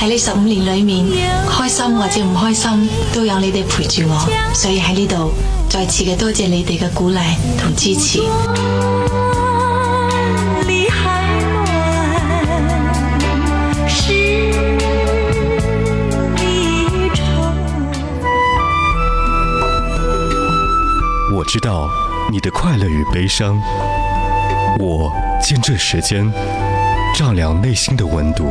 喺呢十五年裏面，開心或者唔開心，都有你哋陪住我，所以喺呢度再次嘅多謝你哋嘅鼓勵同支持。我知道你的快樂與悲傷，我見證時間，丈量內心的溫度。